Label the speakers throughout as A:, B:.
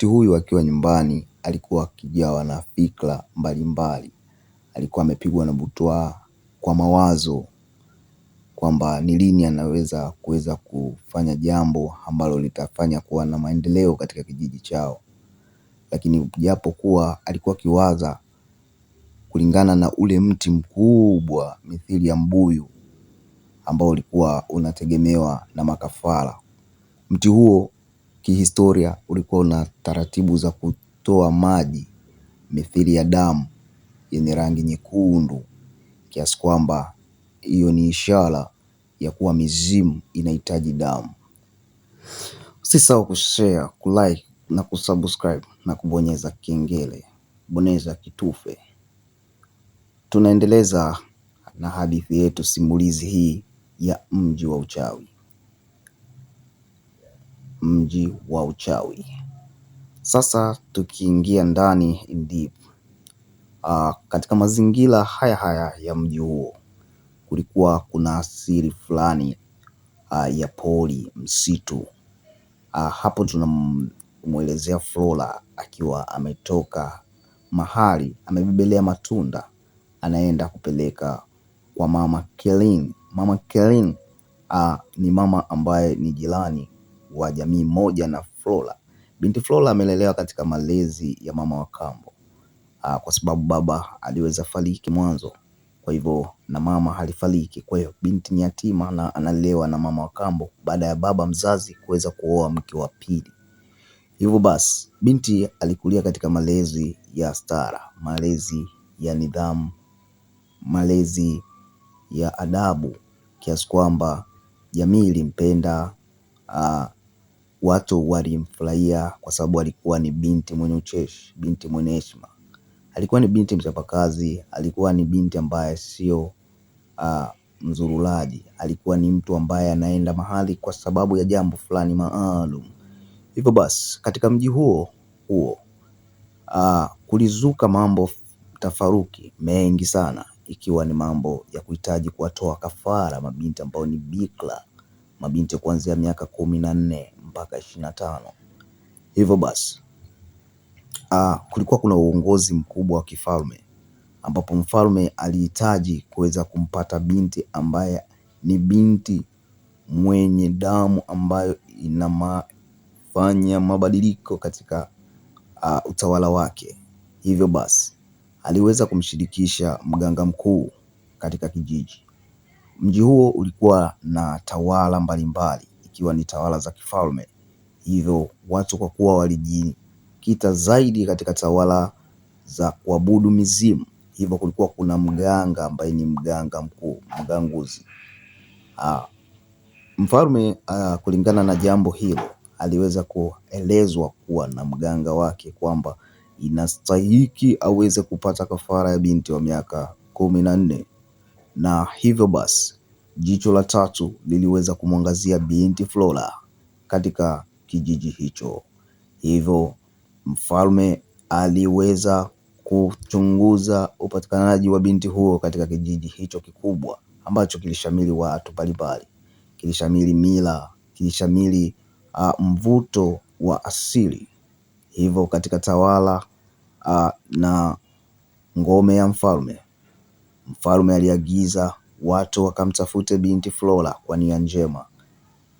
A: Binti huyu akiwa nyumbani alikuwa akijawa na fikra mbalimbali, alikuwa amepigwa na butwaa kwa mawazo kwamba ni lini anaweza kuweza kufanya jambo ambalo litafanya kuwa na maendeleo katika kijiji chao, lakini japo kuwa alikuwa akiwaza kulingana na ule mti mkubwa mithili ya mbuyu ambao ulikuwa unategemewa na makafara. Mti huo kihistoria ulikuwa una taratibu za kutoa maji mithili ya damu yenye rangi nyekundu kiasi kwamba hiyo ni ishara ya kuwa mizimu inahitaji damu. Usisahau kushare, kulike na kusubscribe na kubonyeza kengele, bonyeza kitufe. Tunaendeleza na hadithi yetu simulizi hii ya mji wa uchawi mji wa uchawi. Sasa tukiingia ndani in deep. Uh, katika mazingira haya haya ya mji huo kulikuwa kuna asili fulani uh, ya pori msitu. Uh, hapo tunamwelezea Flora akiwa ametoka mahali amebebelea matunda anaenda kupeleka kwa mama Kelin. Mama Kelin uh, ni mama ambaye ni jirani wa jamii moja na Flora. Binti Flora amelelewa katika malezi ya mama wa kambo, ah, kwa sababu baba aliweza fariki mwanzo, kwa hivyo na mama alifariki. Kwa hiyo binti ni yatima na analelewa na mama wa kambo baada ya baba mzazi kuweza kuoa mke wa pili. Hivyo basi binti alikulia katika malezi ya stara, malezi ya nidhamu, malezi ya adabu kiasi kwamba jamii ilimpenda, ah, Watu walimfurahia kwa sababu alikuwa ni binti mwenye ucheshi, binti mwenye heshima. Alikuwa ni binti mchapakazi, alikuwa ni binti ambaye sio ah, mzurulaji. Alikuwa ni mtu ambaye anaenda mahali kwa sababu ya jambo fulani maalum. Hivyo basi katika mji huo huo ah, kulizuka mambo tafaruki mengi sana ikiwa ni mambo ya kuhitaji kuwatoa kafara mabinti ambao ni bikla mabinti kuanzia miaka kumi na nne mpaka ishirini na tano. Hivyo basi aa, kulikuwa kuna uongozi mkubwa wa kifalme ambapo mfalme alihitaji kuweza kumpata binti ambaye ni binti mwenye damu ambayo inafanya mabadiliko katika uh, utawala wake. Hivyo basi aliweza kumshirikisha mganga mkuu katika kijiji. Mji huo ulikuwa na tawala mbalimbali ikiwa ni tawala za kifalme, hivyo watu kwa kuwa walijikita zaidi katika tawala za kuabudu mizimu, hivyo kulikuwa kuna mganga ambaye ni mganga mkuu, mganguzi. Aa, ah, mfalme aa, ah, kulingana na jambo hilo aliweza kuelezwa kuwa na mganga wake kwamba inastahiki aweze kupata kafara ya binti wa miaka kumi na nne na hivyo basi jicho la tatu liliweza kumwangazia binti Flora katika kijiji hicho. Hivyo mfalme aliweza kuchunguza upatikanaji wa binti huo katika kijiji hicho kikubwa ambacho kilishamili watu mbalimbali, kilishamili mila, kilishamili uh, mvuto wa asili. Hivyo katika tawala uh, na ngome ya mfalme Mfalme aliagiza watu wakamtafute binti Flora kwa nia njema,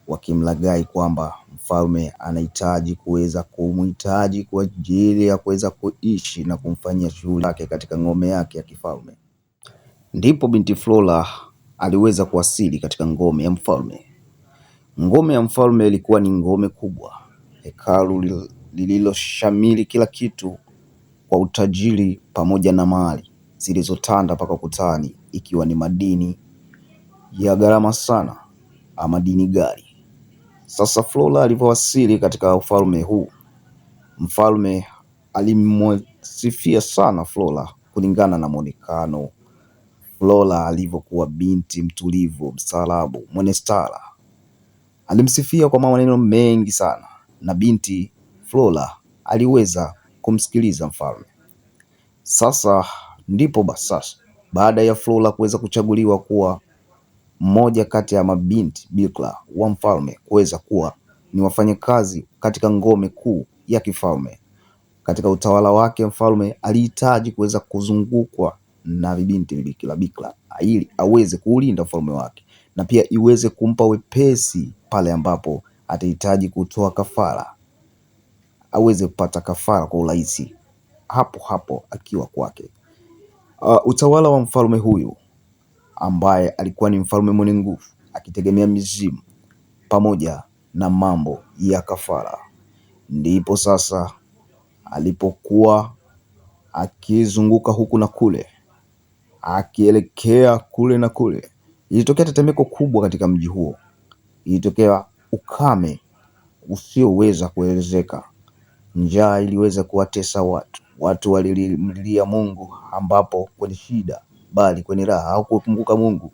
A: wakimlagai kwamba mfalme anahitaji kuweza kumhitaji kwa ajili ya kuweza kuishi na kumfanyia shughuli yake katika ngome yake ya kifalme. Ndipo binti Flora aliweza kuwasili katika ngome ya mfalme. Ngome ya mfalme ilikuwa ni ngome kubwa, hekalu lililoshamili kila kitu kwa utajiri pamoja na mali zilizotanda mpaka ukutani, ikiwa ni madini ya gharama sana, dini gari Sasa Flora alipowasili katika ufalme huu, mfalme alimsifia sana Flora kulingana na mwonekano Flora alivyokuwa binti mtulivu, msalabu mwenye stara. Alimsifia kwa maneno mengi sana, na binti Flora aliweza kumsikiliza mfalme. Sasa Ndipo basi sasa, baada ya Flora kuweza kuchaguliwa kuwa mmoja kati ya mabinti bikla wa mfalme kuweza kuwa ni wafanyakazi katika ngome kuu ya kifalme. Katika utawala wake, mfalme alihitaji kuweza kuzungukwa na vibinti bikla bikla ili aweze kuulinda ufalme wake na pia iweze kumpa wepesi pale ambapo atahitaji kutoa kafara, aweze kupata kafara kwa urahisi hapo hapo akiwa kwake. Uh, utawala wa mfalme huyu ambaye alikuwa ni mfalme mwenye nguvu akitegemea mizimu pamoja na mambo ya kafara, ndipo sasa alipokuwa akizunguka huku na kule akielekea kule na kule, ilitokea tetemeko kubwa katika mji huo, ilitokea ukame usioweza kuelezeka, njaa iliweza kuwatesa watu Watu walimlilia Mungu ambapo kwenye shida, bali kwenye raha hawakumkumbuka Mungu.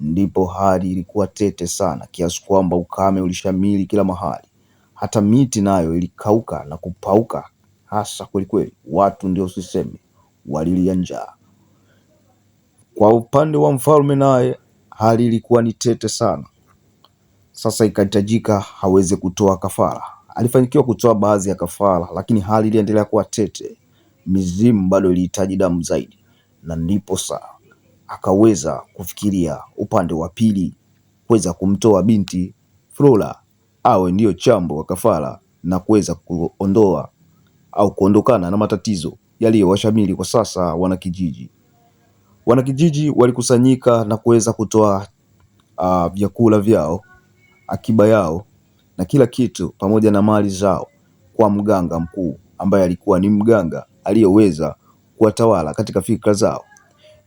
A: Ndipo hali ilikuwa tete sana, kiasi kwamba ukame ulishamiri kila mahali, hata miti nayo ilikauka na kupauka hasa kwelikweli. Watu ndio siseme walilia njaa. Kwa upande wa mfalme, naye hali ilikuwa ni tete sana. Sasa ikahitajika haweze kutoa kafara. Alifanikiwa kutoa baadhi ya kafara, lakini hali iliendelea kuwa tete mizimu bado ilihitaji damu zaidi, na ndipo saa akaweza kufikiria upande wa pili kuweza kumtoa binti Flora awe ndiyo chambo wa kafara na kuweza kuondoa au kuondokana na matatizo yaliyowashamili kwa sasa wanakijiji. Wanakijiji walikusanyika na kuweza kutoa uh, vyakula vyao, akiba yao na kila kitu pamoja na mali zao kwa mganga mkuu ambaye alikuwa ni mganga aliyoweza kuwatawala katika fikra zao,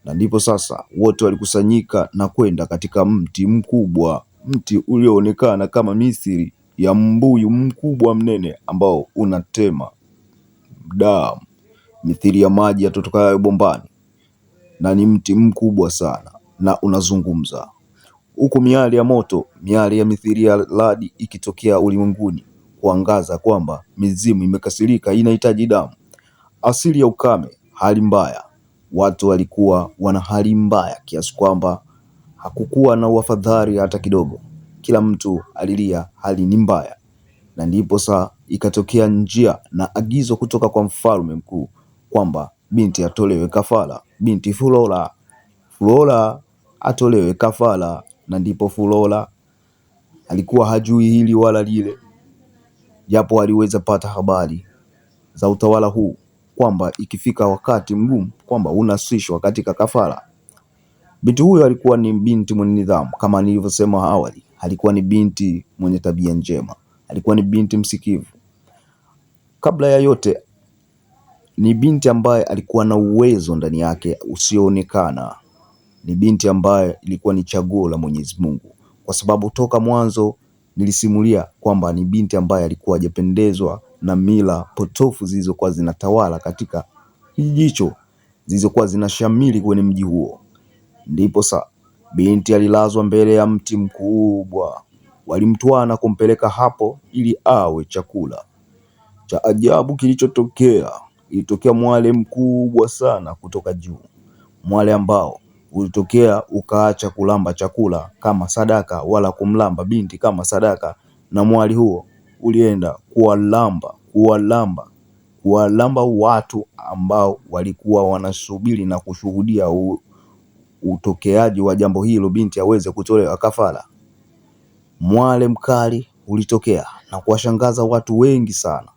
A: na ndipo sasa wote walikusanyika na kwenda katika mti mkubwa, mti ulioonekana kama misiri ya mbuyu mkubwa mnene ambao unatema damu mithili ya maji yatotokayo bombani, na ni mti mkubwa sana na unazungumza huku miali ya moto, miali ya mithili ya radi ikitokea ulimwenguni kuangaza kwamba mizimu imekasirika, inahitaji damu asili ya ukame, hali mbaya. Watu walikuwa wana hali mbaya kiasi kwamba hakukuwa na uafadhali hata kidogo. Kila mtu alilia, hali ni mbaya. Na ndipo saa ikatokea njia na agizo kutoka kwa mfalme mkuu kwamba binti atolewe kafara, binti Fulola, Fulola atolewe kafara. Na ndipo Fulola alikuwa hajui hili wala lile, japo aliweza pata habari za utawala huu kwamba ikifika wakati mgumu kwamba unasishwa katika kafara. Binti huyo alikuwa ni binti mwenye nidhamu, kama nilivyosema awali, alikuwa ni binti mwenye tabia njema, alikuwa ni binti msikivu. Kabla ya yote, ni binti ambaye alikuwa na uwezo ndani yake usioonekana. Ni binti ambaye ilikuwa ni chaguo la Mwenyezi Mungu, kwa sababu toka mwanzo nilisimulia kwamba ni binti ambaye alikuwa hajapendezwa na mila potofu zilizokuwa zinatawala katika kijiji hicho zilizokuwa zinashamiri kwenye mji huo. Ndipo sa binti alilazwa mbele ya mti mkubwa, walimtwaa na kumpeleka hapo ili awe chakula. Cha ajabu kilichotokea, ilitokea mwale mkubwa sana kutoka juu, mwale ambao ulitokea ukaacha kulamba chakula kama sadaka, wala kumlamba binti kama sadaka, na mwali huo ulienda kuwalamba kuwalamba kuwalamba watu ambao walikuwa wanasubiri na kushuhudia u, utokeaji wa jambo hilo, binti aweze kutolewa kafara. Mwale mkali ulitokea na kuwashangaza watu wengi sana.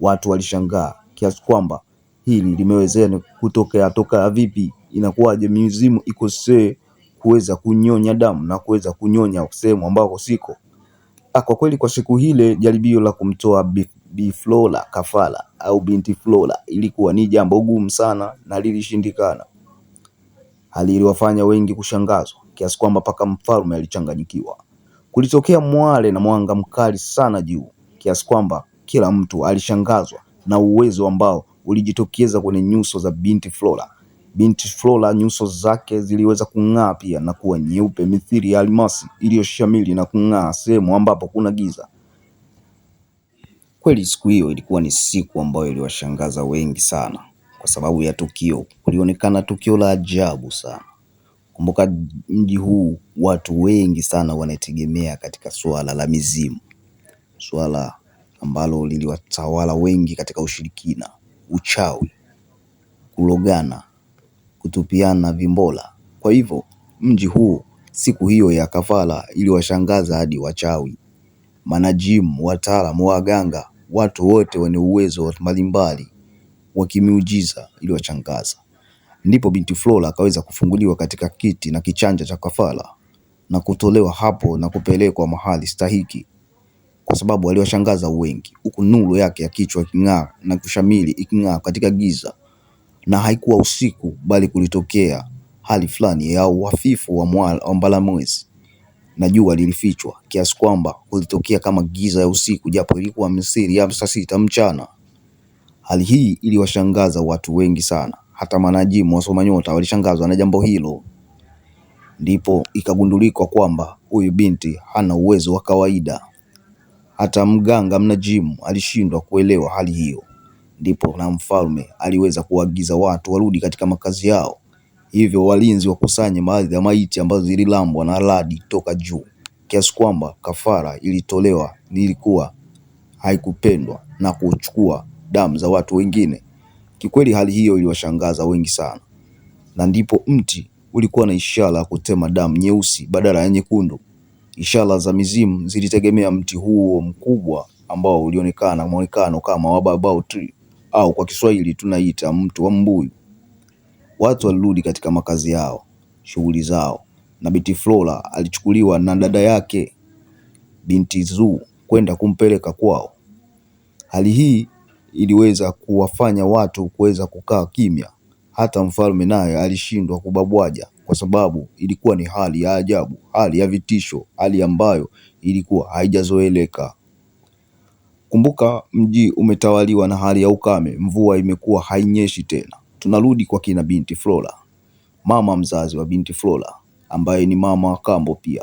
A: Watu walishangaa kiasi kwamba hili limewezekana kutokea toka vipi? Inakuwaje mizimu ikosee kuweza kunyonya damu na kuweza kunyonya sehemu ambako siko? Ah, kwa kweli kwa siku hile jaribio la kumtoa Bi Flora Kafala au binti Flora ilikuwa ni jambo gumu sana na lilishindikana. Hali iliwafanya wengi kushangazwa kiasi kwamba mpaka mfalme alichanganyikiwa. Kulitokea mwale na mwanga mkali sana juu kiasi kwamba kila mtu alishangazwa na uwezo ambao ulijitokeza kwenye nyuso za binti Flora. Binti Flora nyuso zake ziliweza kung'aa pia na kuwa nyeupe mithili ya almasi iliyoshamili na kung'aa sehemu ambapo kuna giza. Kweli siku hiyo ilikuwa ni siku ambayo iliwashangaza wengi sana kwa sababu ya tukio. Kulionekana tukio la ajabu sana. Kumbuka, mji huu watu wengi sana wanategemea katika suala la mizimu, suala ambalo liliwatawala wengi katika ushirikina, uchawi, kulogana kutupiana vimbola. Kwa hivyo mji huu siku hiyo ya kafara iliwashangaza hadi wachawi, manajimu, wataalamu, waganga, watu wote wenye uwezo mbalimbali wa kimiujiza iliwashangaza. Ndipo binti Flora akaweza kufunguliwa katika kiti na kichanja cha kafala na kutolewa hapo na kupelekwa mahali stahiki, kwa sababu aliwashangaza wengi, huku nuru yake ya kichwa iking'aa na kushamili iking'aa katika giza na haikuwa usiku, bali kulitokea hali fulani ya uhafifu wa mbalamwezi na jua lilifichwa kiasi kwamba kulitokea kama giza ya usiku, japo ilikuwa misiri ya saa sita mchana. Hali hii iliwashangaza watu wengi sana, hata manajimu wasoma nyota walishangazwa na jambo hilo. Ndipo ikagundulikwa kwamba huyu binti hana uwezo wa kawaida. Hata mganga mnajimu alishindwa kuelewa hali hiyo ndipo na mfalme aliweza kuagiza watu warudi katika makazi yao. Hivyo walinzi wakusanye baadhi ya maiti ambazo zililambwa na radi toka juu, kiasi kwamba kafara ilitolewa ilikuwa haikupendwa na kuchukua damu za watu wengine. Kikweli hali hiyo iliwashangaza wengi sana, na ndipo mti ulikuwa na ishara ya kutema damu nyeusi badala ya nyekundu. Ishara za mizimu zilitegemea mti huo mkubwa ambao ulionekana mwonekano kama wa tree au kwa Kiswahili tunaita mto wa mbuyu. Watu walirudi katika makazi yao, shughuli zao, na binti Flora alichukuliwa na dada yake binti Zuu kwenda kumpeleka kwao. Hali hii iliweza kuwafanya watu kuweza kukaa kimya. Hata mfalme naye alishindwa kubabwaja, kwa sababu ilikuwa ni hali ya ajabu, hali ya vitisho, hali ambayo ilikuwa haijazoeleka. Kumbuka mji umetawaliwa na hali ya ukame, mvua imekuwa hainyeshi tena. Tunarudi kwa kina binti Flora, mama mzazi wa binti Flora ambaye ni mama wa kambo pia.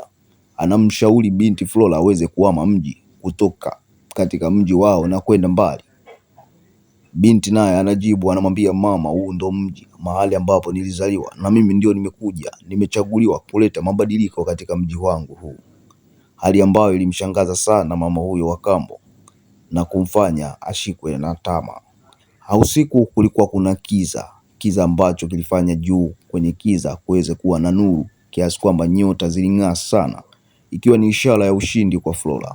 A: Anamshauri binti Flora aweze kuhama mji kutoka katika mji wao na kwenda mbali. Binti naye anajibu, anamwambia mama, huu ndo mji mahali ambapo nilizaliwa na mimi ndio nimekuja, nimechaguliwa kuleta mabadiliko katika mji wangu huu, hali ambayo ilimshangaza sana mama huyo wa kambo na kumfanya ashikwe na tamaa. Usiku kulikuwa kuna kiza, kiza ambacho kilifanya juu kwenye kiza kuweze kuwa na nuru kiasi kwamba nyota ziling'aa sana, ikiwa ni ishara ya ushindi kwa Flora.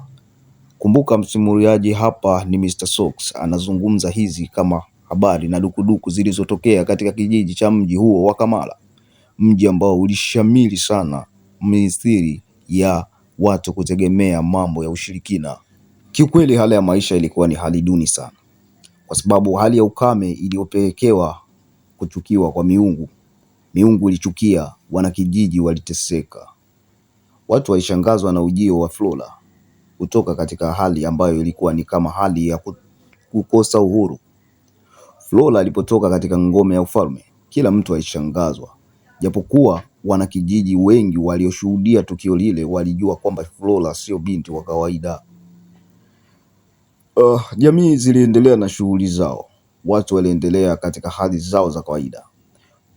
A: Kumbuka msimuliaji hapa ni Mr. Sox, anazungumza hizi kama habari na dukuduku zilizotokea katika kijiji cha mji huo wa Kamala, mji ambao ulishamiri sana mithili ya watu kutegemea mambo ya ushirikina. Kiukweli hali ya maisha ilikuwa ni hali duni sana, kwa sababu hali ya ukame iliyopelekewa kuchukiwa kwa miungu. Miungu ilichukia, wanakijiji waliteseka. Watu walishangazwa na ujio wa Flora kutoka katika hali ambayo ilikuwa ni kama hali ya kukosa uhuru. Flora alipotoka katika ngome ya ufalme, kila mtu alishangazwa, japokuwa wanakijiji wengi walioshuhudia tukio lile walijua kwamba Flora sio binti wa kawaida. Uh, jamii ziliendelea na shughuli zao, watu waliendelea katika hali zao za kawaida.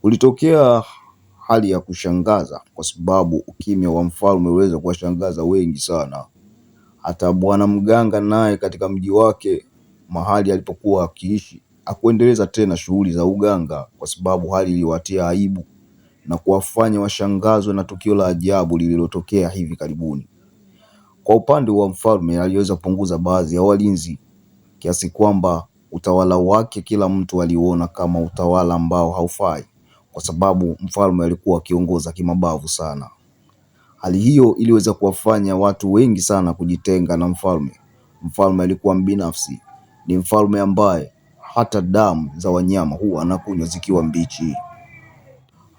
A: Ulitokea hali ya kushangaza kwa sababu ukimya wa mfalme uliweza kuwashangaza wengi sana. Hata bwana mganga naye katika mji wake mahali alipokuwa akiishi akuendeleza tena shughuli za uganga kwa sababu hali iliwatia aibu na kuwafanya washangazwe na tukio la ajabu lililotokea hivi karibuni. Kwa upande wa mfalme aliweza kupunguza baadhi ya walinzi kiasi kwamba utawala wake kila mtu aliuona kama utawala ambao haufai, kwa sababu mfalme alikuwa akiongoza kimabavu sana. Hali hiyo iliweza kuwafanya watu wengi sana kujitenga na mfalme. Mfalme alikuwa mbinafsi, ni mfalme ambaye hata damu za wanyama huwa anakunywa zikiwa mbichi.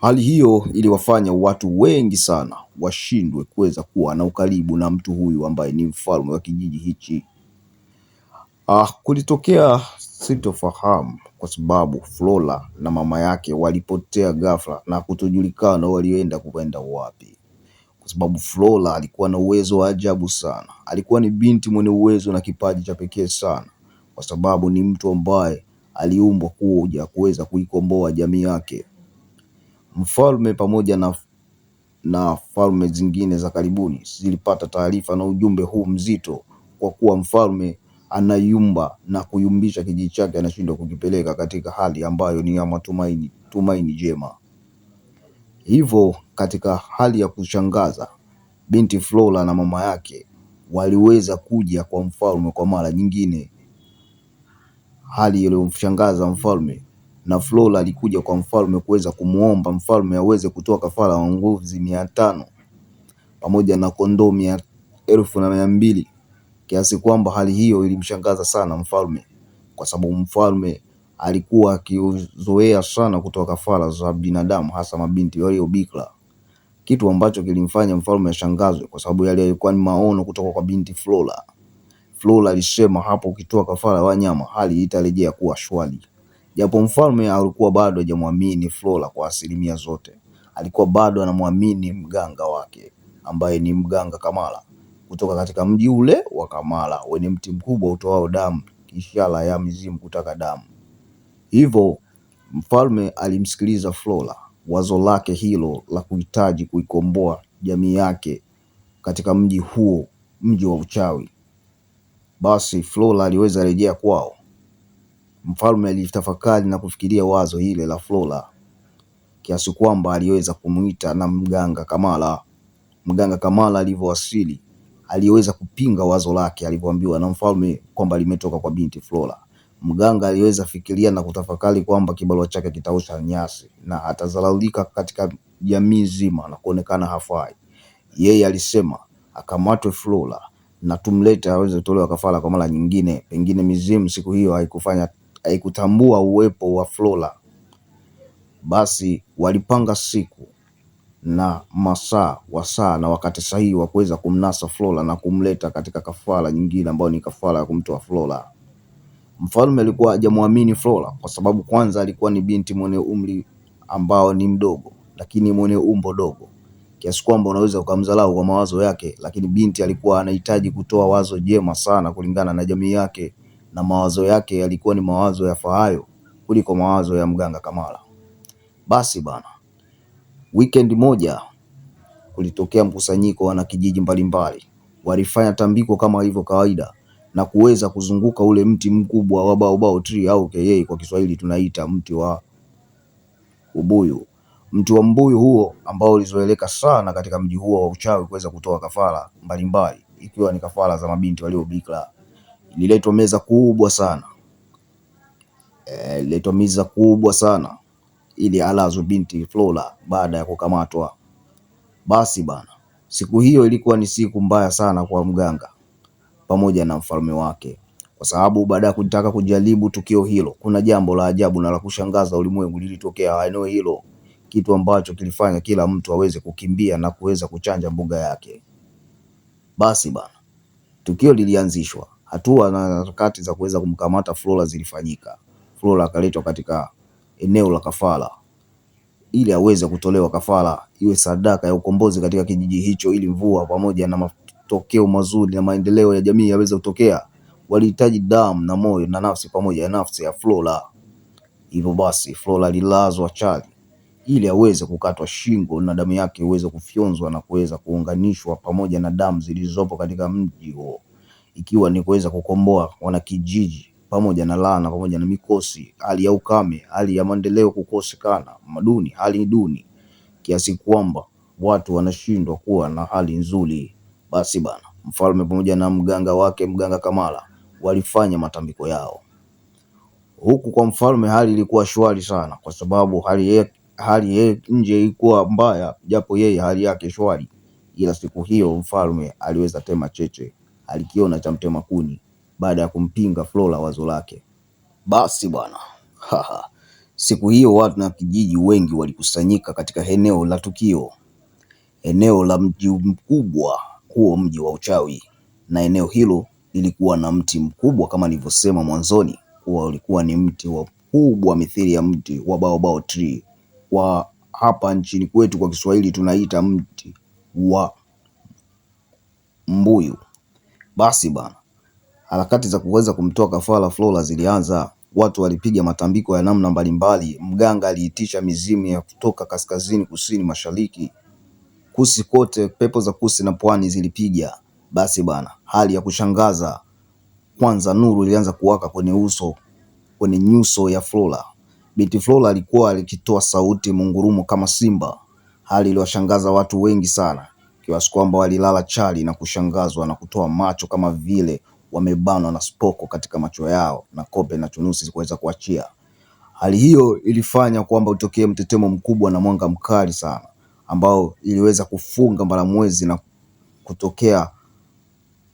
A: Hali hiyo iliwafanya watu wengi sana washindwe kuweza kuwa na ukaribu na mtu huyu ambaye ni mfalme wa kijiji hichi. Ah, kulitokea sitofahamu kwa sababu Flora na mama yake walipotea ghafla na kutojulikana walienda kuenda wapi, kwa sababu Flora alikuwa na uwezo wa ajabu sana. Alikuwa ni binti mwenye uwezo na kipaji cha pekee sana, kwa sababu ni mtu ambaye aliumbwa kuja kuweza kuikomboa jamii yake Mfalme pamoja na, na falme zingine za karibuni zilipata taarifa na ujumbe huu mzito, kwa kuwa mfalme anayumba na kuyumbisha kijiji chake, anashindwa kukipeleka katika hali ambayo ni ya matumaini, tumaini jema. Hivyo katika hali ya kushangaza, binti Flora na mama yake waliweza kuja kwa mfalme kwa mara nyingine, hali iliyomshangaza mfalme na Flora alikuja kwa mfalme kuweza kumwomba mfalme aweze kutoa kafara wa mbuzi mia tano pamoja na kondoo elfu na mia mbili kiasi kwamba hali hiyo ilimshangaza sana mfalme, kwa sababu mfalme alikuwa akizoea sana kutoa kafara za binadamu, hasa mabinti waliobikra, kitu ambacho kilimfanya mfalme ashangazwe, kwa sababu yale yalikuwa ni maono kutoka kwa binti Flora. Flora alisema hapo, ukitoa kafara wanyama, hali itarejea kuwa shwari. Japo mfalme alikuwa bado hajamwamini Flora kwa asilimia zote, alikuwa bado anamwamini mganga wake ambaye ni mganga Kamala kutoka katika mji ule wa Kamala wenye mti mkubwa utoao damu, ishara ya mizimu kutaka damu. Hivyo mfalme alimsikiliza Flora, wazo lake hilo la kuhitaji kuikomboa jamii yake katika mji huo, mji wa uchawi. Basi Flora aliweza rejea kwao Mfalme alitafakari na kufikiria wazo hile la Flora kiasi kwamba aliweza kumuita na mganga Kamala. Mganga Kamala alivyowasili aliweza kupinga wazo lake alivyoambiwa na mfalme kwamba limetoka kwa binti Flora. Mganga aliweza fikiria na kutafakari kwamba kibarua chake kitaosha nyasi na atazalaulika katika jamii nzima na kuonekana hafai. Yeye alisema akamatwe Flora na tumlete aweze kutolewa kafara kwa mara nyingine, pengine mizimu siku hiyo haikufanya haikutambua uwepo wa Flora, basi walipanga siku na masaa wasaa na wakati sahihi wa kuweza kumnasa Flora na kumleta katika kafara nyingine ambayo ni kafara ya kumtoa Flora. Mfalme alikuwa hajamwamini Flora kwa sababu kwanza alikuwa ni binti mwenye umri ambao ni mdogo, lakini mwenye umbo dogo kiasi kwamba unaweza ukamdharau kwa mawazo yake, lakini binti alikuwa anahitaji kutoa wazo jema sana kulingana na jamii yake na mawazo yake yalikuwa ni mawazo ya fahayo kuliko mawazo ya mganga Kamala. Basi bana, weekend moja kulitokea mkusanyiko wanakijiji mbalimbali, walifanya tambiko kama ilivyo kawaida na kuweza kuzunguka ule mti mkubwa wa baobao tree au KA kwa Kiswahili tunaita mti wa ubuyu. Mti wa mbuyu huo ambao ulizoeleka sana katika mji huo wa uchawi kuweza kutoa kafara mbalimbali, ikiwa ni kafara za mabinti waliobikra ililetwa meza kubwa sana e, ililetwa meza kubwa sana ili alazwe binti Flora baada ya kukamatwa. Basi bana, siku hiyo ilikuwa ni siku mbaya sana kwa mganga pamoja na mfalme wake, kwa sababu baada ya kutaka kujaribu tukio hilo, kuna jambo la ajabu na la kushangaza ulimwengu lilitokea eneo hilo, kitu ambacho kilifanya kila mtu aweze kukimbia na kuweza kuchanja mbuga yake. Basi bana, tukio lilianzishwa hatua na harakati za kuweza kumkamata Flora zilifanyika. Flora akaletwa katika eneo la kafara ili aweze kutolewa kafara, iwe sadaka ya ukombozi katika kijiji hicho, ili mvua pamoja na matokeo mazuri na maendeleo ya jamii yaweze kutokea. Walihitaji damu na moyo na nafsi pamoja na nafsi ya Flora. Hivyo basi Flora alilazwa chali ili aweze kukatwa shingo na damu yake iweze kufyonzwa na kuweza kuunganishwa pamoja na damu zilizopo katika mji huo ikiwa ni kuweza kukomboa wanakijiji pamoja na laana pamoja na mikosi, hali ya ukame, hali ya maendeleo kukosekana, maduni, hali duni kiasi kwamba watu wanashindwa kuwa na hali nzuri. Basi bana, mfalme pamoja na mganga wake mganga Kamala walifanya matambiko yao. Huku kwa mfalme hali ilikuwa shwari sana, kwa sababu hali ye, hali ye, nje ilikuwa mbaya, japo yeye hali yake shwari, ila siku hiyo mfalme aliweza tema cheche alikiona cha mtema kuni baada ya kumpinga Flora wazo lake. Basi bwana, siku hiyo watu na kijiji wengi walikusanyika katika eneo la tukio, eneo la mji mkubwa huo, mji wa uchawi, na eneo hilo lilikuwa na mti mkubwa kama nilivyosema mwanzoni kuwa ulikuwa ni mti wa kubwa mithili ya mti wa baobao tree. Kwa hapa nchini kwetu kwa Kiswahili tunaita mti wa mbuyu. Basi bana, harakati za kuweza kumtoa Kafara Flora zilianza. Watu walipiga matambiko ya namna mbalimbali. Mganga aliitisha mizimu ya kutoka kaskazini, kusini, mashariki, kusi kote. Pepo za kusi na pwani zilipiga. Basi bana, hali ya kushangaza kwanza, nuru ilianza kuwaka kwenye uso, kwenye nyuso ya Flora. Binti Flora alikuwa alikitoa sauti mungurumo kama simba, hali iliwashangaza watu wengi sana kiasi kwamba walilala chali na kushangazwa na kutoa macho kama vile wamebanwa na spoko katika macho yao na kope na chunusi kuweza kuachia. Hali hiyo ilifanya kwamba utokee mtetemo mkubwa na mwanga mkali sana ambao iliweza kufunga mbalamwezi na kutokea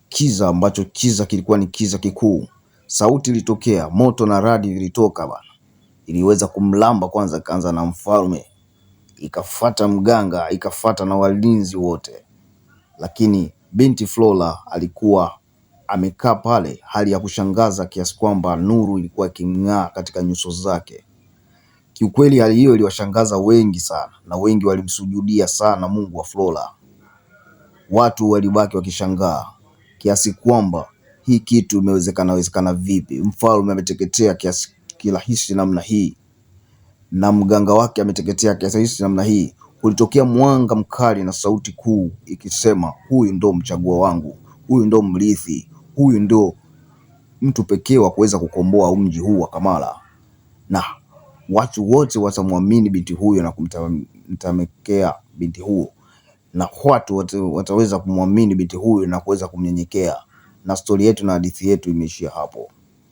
A: kiza ambacho kiza kilikuwa ni kiza kikuu. Sauti ilitokea, moto na radi vilitoka bana, iliweza kumlamba kwanza, ikaanza na mfalme, ikafata mganga, ikafata na walinzi wote lakini binti Flora alikuwa amekaa pale, hali ya kushangaza kiasi kwamba nuru ilikuwa ikimng'aa katika nyuso zake. Kiukweli hali hiyo iliwashangaza wengi sana, na wengi walimsujudia sana Mungu wa Flora. Watu walibaki wakishangaa kiasi kwamba hii kitu imewezekana wezekana vipi? Mfalme ameteketea kiasi kirahisi namna hii na mganga wake ameteketea kiasi kirahisi namna hii, Kulitokea mwanga mkali na sauti kuu ikisema, huyu ndo mchagua wangu, huyu ndo mrithi, huyu ndo mtu pekee wa kuweza kukomboa mji huu wa Kamala, na watu wote watamwamini binti huyo na kumtamekea binti huyo, na watu wote wataweza kumwamini binti huyo na kuweza kumnyenyekea. Na stori yetu na hadithi yetu imeishia hapo.